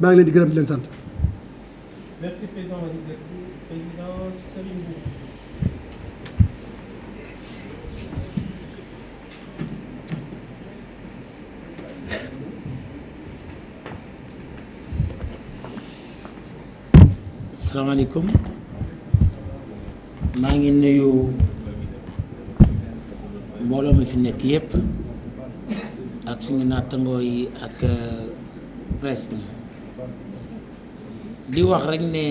maa ngi sant. merci maa ngi nuyu mbooloo mi fi nekk yépp ak suñu nattangoo yi ak euh, presse bi di wax rek ne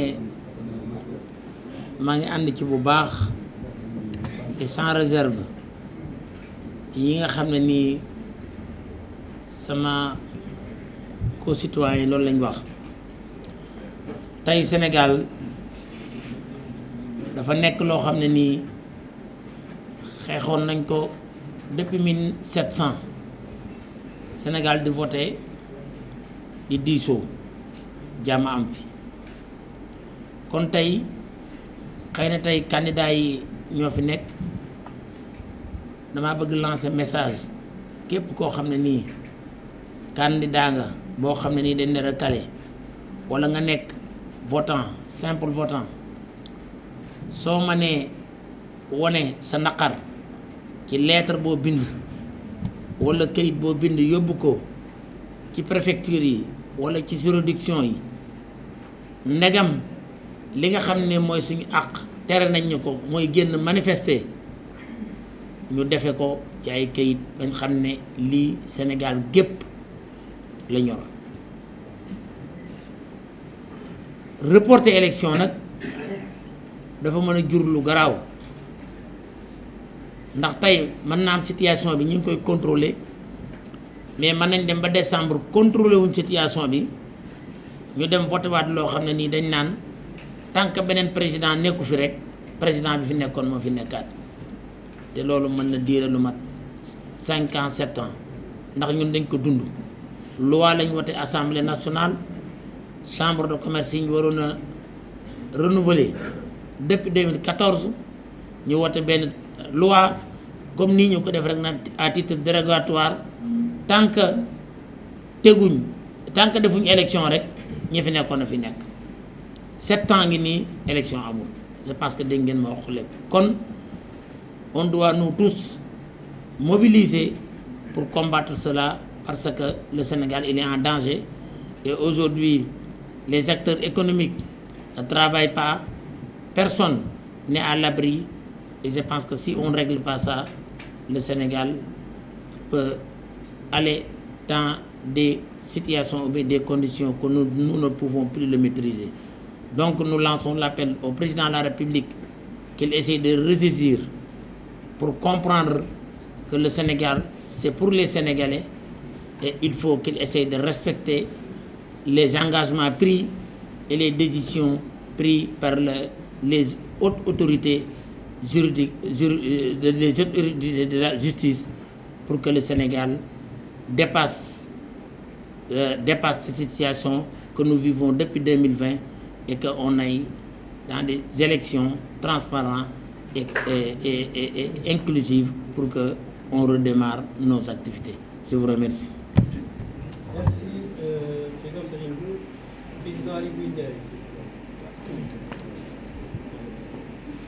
ma ngi ànd ci bu baax et sans réserve ci yi nga xam ne nii sama co yi loolu lañ wax tey Sénégal dafa nekk loo xam ne nii xeexoon nañ ko depuis mille sept cent Sénégal di voté di diisoo jàmm am fi kon tey xëy na tey candidat yi ñoo fi nekk damaa bëgg lancer message képp koo xam ne nii candidat nga boo xam ne nii dañ ne recalé wala nga nekk votant simple votant soo mënee wone sa naqar ci lettre boo bind wala kayit boo bind yóbbu ko ci préfecture yi wala ci juridiction yi ndegam li nga xam ne mooy suñu àq tere nañ ñu ko mooy génn manifester ñu defe ko ci ay kayit bañ xam ne lii Sénégal gépp la ñor reporter élection nag dafa mën a jur lu garaaw ndax tey mën naa am situation bi ñu ngi koy contrôler mais mën nañ dem ba décembre contrôler wuñ situation bi ñu dem voté waat loo xam ne nii dañ naan tant que beneen président nekku fi rek président bi fi nekkoon moo fi nekkaat te loolu mën na diire lu mat 5 ans sept ans ndax ñun dañ ko dund loi lañ wote assemblée nationale chambre de commerce yi ñu waroon a renouveler depuis 2014 ñu wote benn loi comme nii ñu ko def rek nag à titre dérogatoire tant que teguñ tant que defuñ élection rek ñi fi nekkoon fi sept ans ngi nii élection amul Je pense que nous ngeen ma on doit nous tous mobiliser pour combattre cela parce que le Sénégal il est en danger et aujourd'hui les acteurs économiques ne travaillent pas personne n'est à l'abri et je pense que si on ne règle pas ça le Sénégal peut aller dans des situations ou des conditions que nous, ne pouvons plus le maîtriser. Donc nous lançons l'appel au président de la République qu'il essaie de ressaisir pour comprendre que le Sénégal, c'est pour les Sénégalais et il faut qu'il essaie de respecter les engagements pris et les décisions prises par les hautes autorités juridiques, euh, de, de la justice pour que le Sénégal dépasse, euh, dépasse cette situation que nous vivons depuis 2020 et qu'on aille dans des élections transparentes et, et, et, inclusives pour qu'on redémarre nos activités. Je vous remercie. Euh,